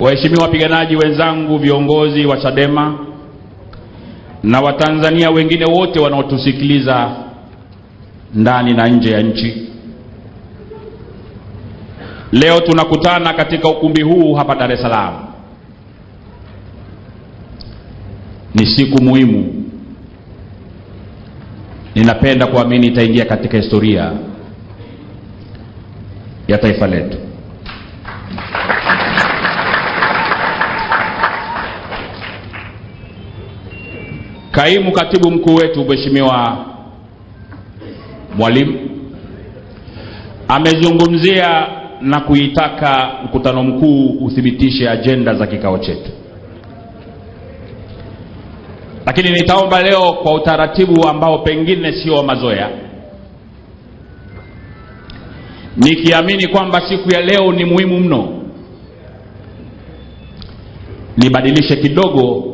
Waheshimiwa wapiganaji wenzangu, viongozi wa Chadema na Watanzania wengine wote wanaotusikiliza ndani na nje ya nchi, leo tunakutana katika ukumbi huu hapa Dar es Salaam. Ni siku muhimu, ninapenda kuamini itaingia katika historia ya taifa letu. Kaimu katibu mkuu wetu Mheshimiwa Mwalimu amezungumzia na kuitaka mkutano mkuu uthibitishe ajenda za kikao chetu, lakini nitaomba leo kwa utaratibu ambao pengine sio wa mazoea, nikiamini kwamba siku ya leo ni muhimu mno, nibadilishe kidogo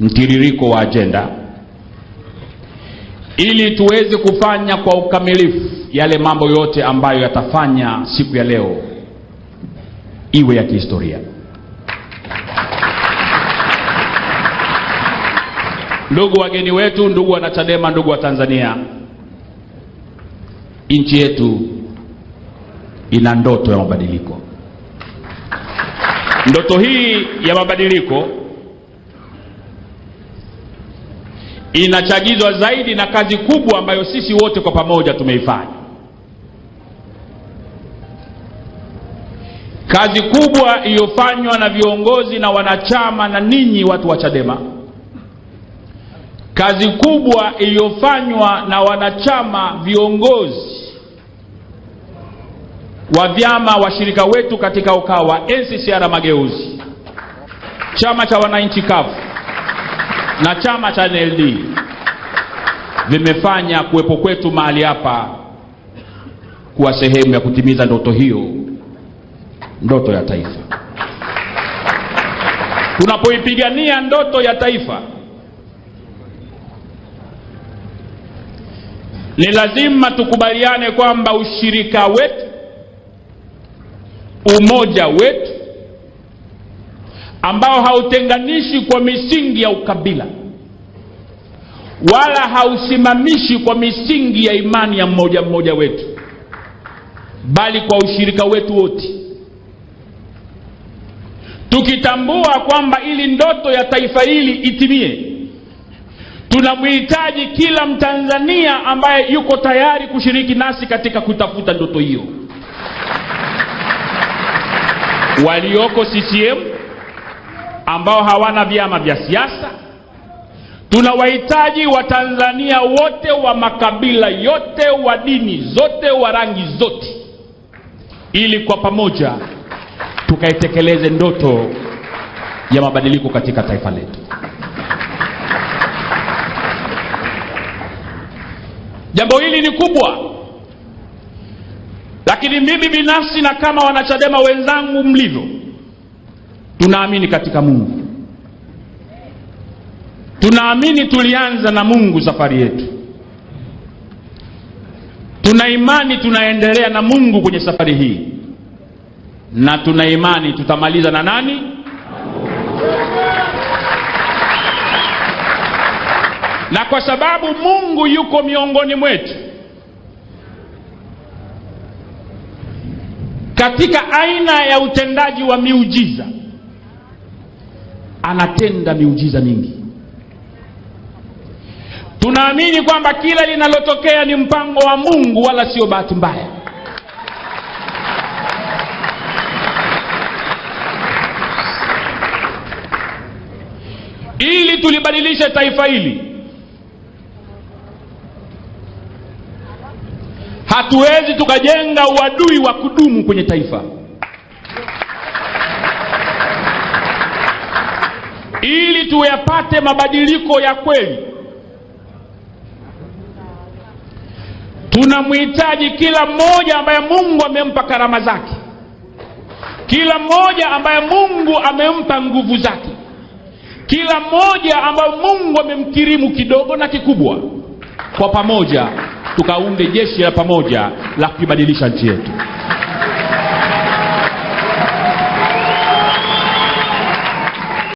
mtiririko wa ajenda ili tuweze kufanya kwa ukamilifu yale mambo yote ambayo yatafanya siku ya leo iwe ya kihistoria. Ndugu wageni wetu, ndugu wanachadema, ndugu wa Tanzania, nchi yetu ina ndoto ya mabadiliko. Ndoto hii ya mabadiliko inachagizwa zaidi na kazi kubwa ambayo sisi wote kwa pamoja tumeifanya. Kazi kubwa iliyofanywa na viongozi na wanachama na ninyi watu wa Chadema, kazi kubwa iliyofanywa na wanachama viongozi wa vyama washirika wetu katika Ukawa, NCCR Mageuzi, chama cha wananchi kafu na chama cha NLD vimefanya kuwepo kwetu mahali hapa kuwa sehemu ya kutimiza ndoto hiyo, ndoto ya taifa. Tunapoipigania ndoto ya taifa, ni lazima tukubaliane kwamba ushirika wetu, umoja wetu ambao hautenganishi kwa misingi ya ukabila wala hausimamishi kwa misingi ya imani ya mmoja mmoja wetu, bali kwa ushirika wetu wote, tukitambua kwamba ili ndoto ya taifa hili itimie, tunamhitaji kila Mtanzania ambaye yuko tayari kushiriki nasi katika kutafuta ndoto hiyo, walioko CCM ambao hawana vyama vya siasa. Tunawahitaji Watanzania wote wa makabila yote, wa dini zote, wa rangi zote, ili kwa pamoja tukaitekeleze ndoto ya mabadiliko katika taifa letu. Jambo hili ni kubwa, lakini mimi binafsi na kama wanachadema wenzangu mlivyo Tunaamini katika Mungu, tunaamini tulianza na Mungu safari yetu, tuna imani tunaendelea na Mungu kwenye safari hii, na tuna imani tutamaliza na nani? Na kwa sababu Mungu yuko miongoni mwetu katika aina ya utendaji wa miujiza anatenda miujiza mingi. Tunaamini kwamba kila linalotokea ni mpango wa Mungu wala sio bahati mbaya. Ili tulibadilishe taifa hili, hatuwezi tukajenga uadui wa kudumu kwenye taifa. ili tuyapate mabadiliko ya kweli. Tunamhitaji kila mmoja ambaye Mungu amempa karama zake, kila mmoja ambaye Mungu amempa nguvu zake, kila mmoja ambaye Mungu amemkirimu kidogo na kikubwa. Kwa pamoja tukaunde jeshi la pamoja la kuibadilisha nchi yetu.